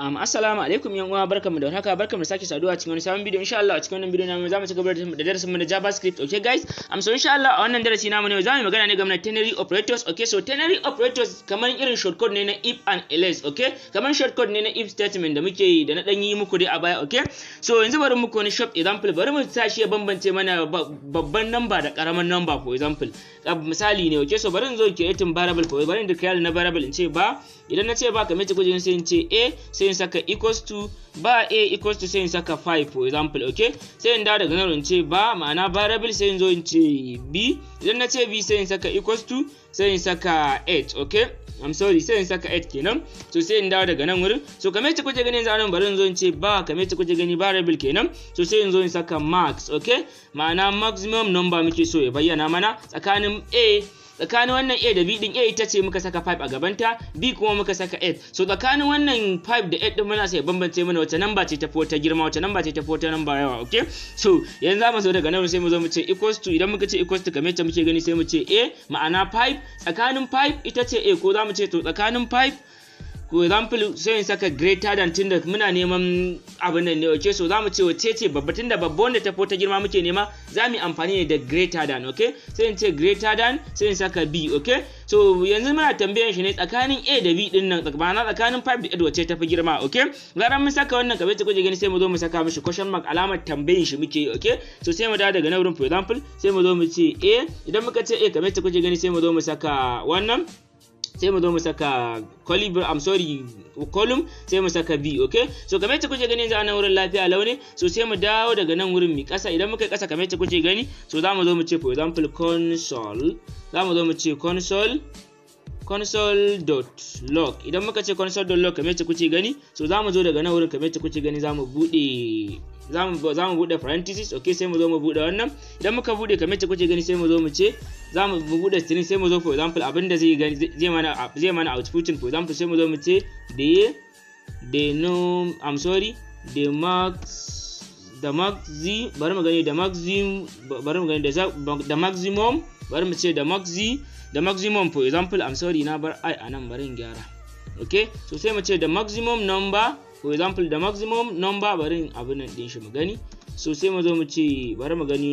Um, assalamu alaikum yan uwa barkamu da warhaka barkamu da sake saduwa cikin wani sabon bidiyo insha Allah a cikin wannan bidiyo namu zamu ci gaba da darasin mu da JavaScript okay guys am so insha Allah a wannan darasi namu ne zamu magana ne game da ternary operators okay so ternary operators kamar irin shortcode ne na if and else okay kamar shortcode ne na if statement da muke yi da na dan yi muku dai a baya okay so yanzu bari muku wani shop example bari mu tashi ya bambance mana babban number da karaman number for example misali ne okay so bari in zo creating variable for bari in declare na variable in ce ba idan na ce ba kamar ce gujin sai in ce a sai in saka equals to ba a equals to sai in saka 5 for example okay sai in da daga nan in ce ba ma'ana variable sai in zo in ce b idan na ce b sai in saka equals to sai in saka 8 okay I'm sorry sai in saka 8 kenan so sai in dawo daga nan wurin so kamar yadda kuke gani zanen bari in zo in ce ba kamar yadda kuke gani variable kenan so sai in zo in saka max okay ma'ana maximum number muke so ya bayyana mana tsakanin a tsakanin wannan a da b din a ita ce muka saka 5 a gabanta b kuma muka saka 8 so tsakanin wannan 5 da 8 din muna sai bambance mana wace number ce ta fota girma wace number ce ta fota number yawa okay so yanzu za mu zo daga nan sai mu zo mu ce equals to idan muka ce equals to kamar yadda muke gani sai mu ce a ma'ana 5 tsakanin 5 ita ce a ko za mu ce to tsakanin 5 for example sai in saka greater than tunda muna neman abin nan ne okay so zamu ce wace ce babba tunda babba wanda ta ta girma muke nema za mu yi amfani ne da greater than okay sai in ce greater than sai in saka b okay so yanzu muna tambayan shi ne tsakanin a da b din nan tsakanin tsakanin 5 da 8 wace ta fi girma okay zaran mun saka wannan kabe ta kuje gani sai mu zo mu saka mishi question mark alamar tambayin shi muke okay so sai mu dawo daga nan wurin for example sai mu zo mu ce a idan muka ce a kabe ta kuje gani sai mu zo mu saka wannan sai mu zo mu saka column I'm sorry column sai mu saka B ok so kamar yadda kuke gani yanzu wurin lafiya launi so sai mu dawo daga nan wurin mi kasa idan muka yi kasa kamar yadda kuke gani so za mu zo mu ce for example console za mu zo mu ce console console.log idan muka ce console.log kamar yadda kuke gani so zamu zo daga nan wurin kamar yadda kuke gani zamu bude zamu zamu bude buɗe parenthesis okay sai mu zo mu bude wannan idan muka bude kamar yadda kuke gani sai mu zo mu ce zamu mu buɗe string sai mu zo for example abinda zai gani zai mana zai mana outputting for example sai mu zo mu ce the the no i'm sorry the max da maxi bari mu gani da maximum bari mu gani da da maximum bari mu ce da maxi the maximum for example i'm sorry na bar i anan barin gyara okay so sai mu ce the maximum number for example the maximum number barin abin nan din shi mu gani so sai mu zo mu ce bari mu gani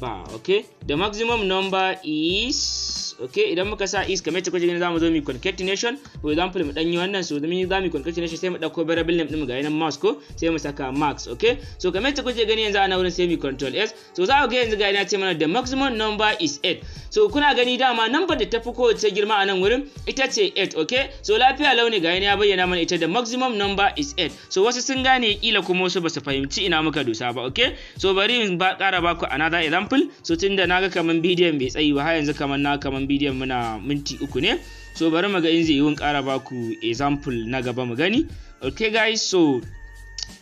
ba okay the maximum number is Ok idan muka sa is kamar yadda kuke gani zamu zo mu concatenation for example mu danyi wannan so da mun za mu concatenation sai mu dauko variable name din mu ga yanan max ko sai mu saka max ok so kamar yadda kuke gani yanzu ana wurin sai mu control s so za ku ga yanzu ga yana ce mana the maximum number is 8 so kuna gani dama number da ta fi kowace girma a nan wurin ita ce 8 ok so lafiya launi ga yana bayyana mana ita the maximum number is 8 so wasu sun gane kila kuma wasu ba su fahimci ina muka dosa ba ok so bari in ba kara baku another example so tunda naga kaman bidiyon bai tsayi ba har yanzu kaman na kaman bidiyon muna minti uku ne so bari mu ga in zai yiwu ƙara baku example na gaba mu gani okay guys so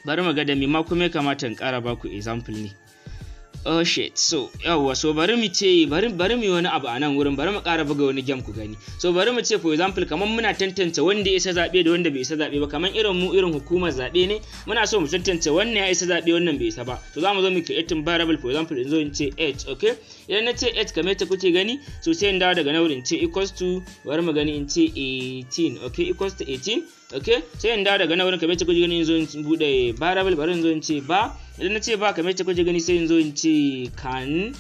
bari mu ga da me ma kuma ya kamata in ƙara baku example ne oh shit so yawwa so bari mu ce bari bari mu wani abu a nan wurin bari mu ƙara buga wani game ku gani so bari mu ce for example kamar muna tantance wanda ya isa zaɓe da wanda bai isa zaɓe ba kamar irin mu irin hukumar zaɓe ne muna so mu tantance wannan ya isa zaɓe wannan bai isa ba so za mu zo mu creating variable for example in zo in ce h okay idan na ce h kamar ta kuke gani so sai in dawo daga wurin ce equals to bari mu gani in ce 18 okay equals to 18 okay sai yanda daga nan wurin kamar yadda kuje gani yanzu zo in bude variable bari in zo in ce ba idan na ce ba kamar yadda kuke gani sai in zo in ce can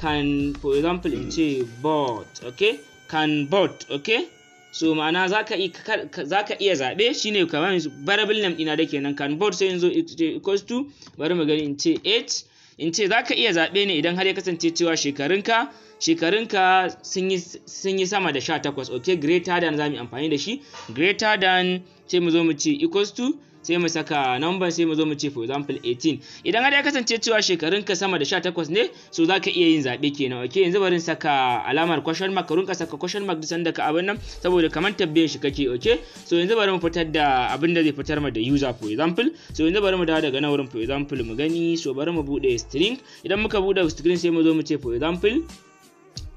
can for example in ce bot okay can bot okay so ma'ana za ka iya zaɓe shine kamar variable name ɗina da kenan can bot sai in zo equals to bari mu gani in ce h in ce za ka iya zaɓe ne idan har ya kasance cewa shekarunka shekarunka sun yi sama da sha takwas ok greater than za mu amfani da shi greater than ce mu zo mu ce equals to sai mu saka number sai mu zo mu ce for example 18 idan har ya kasance cewa shekarun ka sama da 18 ne so zaka iya yin zabe kenan ok yanzu bari saka alamar question mark ka saka question mark duk da ka abin nan saboda kamar tabbayar shi kake ok so yanzu bari mu fitar da abin da zai fitar ma da user for example so yanzu bari mu dawo daga nan wurin for example mu gani so bari mu bude string idan muka bude string sai mu zo mu ce for example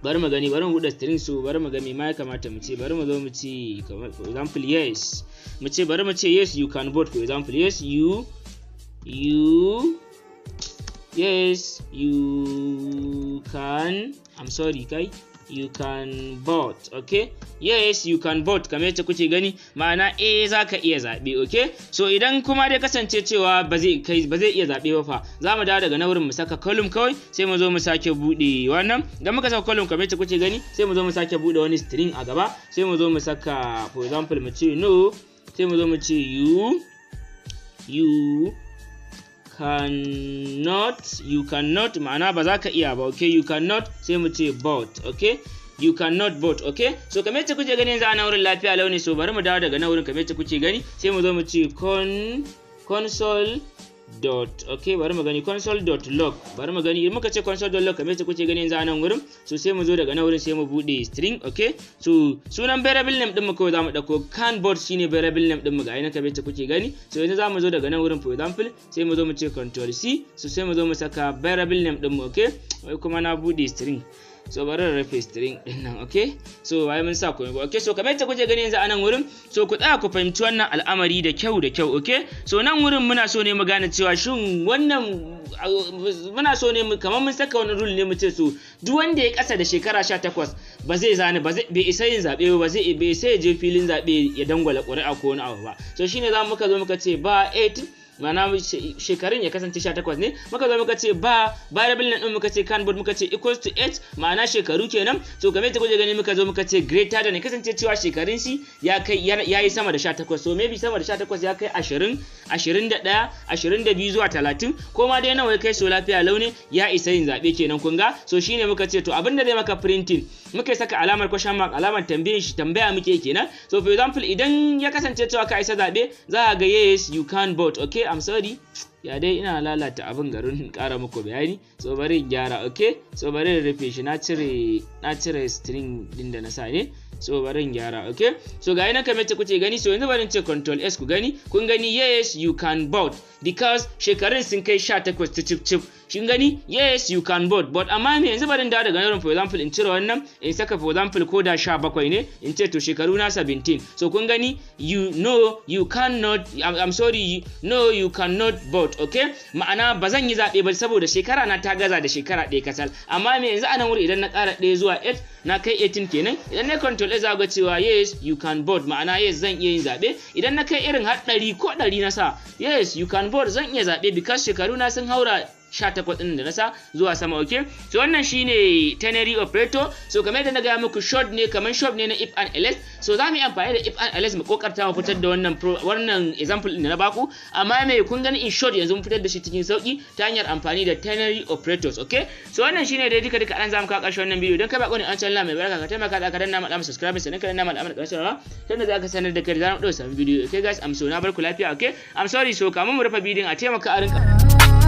bari mu gani bari mu buɗe string su bari mu gani ma ya kamata mu ce bari mu zo mu ce for example yes mu ce bari mu ce yes you can vote for example yes you you yes you can i'm sorry kai you can vote okay yes you can vote kamar yadda kuke gani ma'ana eh zaka iya zabe okay so idan kuma dai kasance cewa ba zai kai ba zai iya zabe ba fa za mu dawo daga wurin mu saka column kawai sai mu zo mu sake bude wannan idan muka saka column kamar yadda kuke gani sai mu zo mu sake bude wani string a gaba sai mu zo mu saka for example mu ce no sai mu zo mu ce you you cannot you cannot ma'ana ba za ka iya ba okay you cannot sai mu ce bought okay you cannot bought okay so kamar yadda kuke gani yanzu a wurin lafiya launi so bari mu dawo daga nan wurin kamar yadda kuke gani sai mu zo mu ce con console dot ok bari mu gani console dot log bari mu gani idan muka ce console dot log kamar yadda kuke gani yanzu nan wurin so sai mu zo daga nan wurin sai mu bude string ok so sunan variable name din mu kawai zamu dauko board shine variable name din mu ga yana kamar yadda kuke gani so yanzu zamu zo daga nan wurin for example sai mu zo mu ce control c so sai mu zo mu saka variable name din mu ok kuma na bude string so bari rufe string din nan okay so bayan mun sa komai ba okay so kamar yadda kuke gani yanzu a nan wurin so ku tsaya ku fahimci wannan al'amari da kyau da kyau okay so nan wurin muna so ne mu gane cewa shin wannan muna so ne mu kamar mun saka wani rule ne mu ce so duk wanda ya kasa da shekara 18 ba zai zane ba zai bai isa yin zabe ba zai bai isa ya je filin zabe ya dangwala ƙuri'a ko wani abu ba so shine za muka zo muka ce ba 8 Ma'ana shekarun ya kasance 18 ne muka zo muka ce ba variable nan din muka ce can board muka ce equals to 8 ma'ana shekaru kenan so game ta kuje gani muka zo muka ce greater than ya kasance cewa shekarun shi ya kai ya yi sama da 18 so maybe sama da 18 ya kai 20 21 22 zuwa talatin, ko ma dai nawa ya kai so lafiya launi ya isa yin zabe kenan kun ga so shine muka ce to abin da zai maka printing muka saka alamar question mark alamar tambayin shi tambaya muke kenan so for example idan ya kasance cewa ka isa zaɓe, za ka ga yes you can vote okay okay i'm sorry ya dai ina lalata abin garin kara muku bayani so bari in gyara okay so bari in rufe shi na cire na cire string din da na sa ne so bari in gyara okay so ga ina kamar ta kuce gani so yanzu bari in ce control s ku gani kun gani yes you can vote because shekarun sun kai 18 ta chip chip kin gani yes you can vote but amma me yanzu barin da daga yaron for example in cire wannan in saka for example ko da 17 ne in ce to shekaru na 17 so kun gani you know you cannot I'm, I'm sorry you, no you cannot vote okay ma'ana ba zan yi zaɓe ba saboda shekara na ta gaza da shekara ɗaya kasal amma me yanzu anan wuri idan na ƙara ɗaya zuwa 8 na kai 18 kenan idan na control a za cewa yes you can vote ma'ana yes zan iya yin zaɓe idan na kai irin har 100 ko ɗari na sa yes you can vote zan iya zaɓe because shekaru na sun haura 18 din da nasa zuwa sama okay so wannan shine ternary operator so kamar yadda na ga muku short ne kamar short ne na if and else so za mu yi amfani da if and else mu kokarta mu fitar da wannan wannan example din da na baku amma mai kun gani in short yanzu mu fitar da shi cikin sauki ta hanyar amfani da ternary operators okay so wannan shine dai duka duka an zamu kawo karshen wannan bidiyo don kai bako ne an channel mai baraka ka taimaka da ka danna mu alamar subscribe sannan ka danna mu alamar karshen rawa sannan za ka sanar da kai da mu dauka sabon bidiyo okay guys am so na barku lafiya okay i'm sorry so kamar mu rufe bidiyon a taimaka a rinka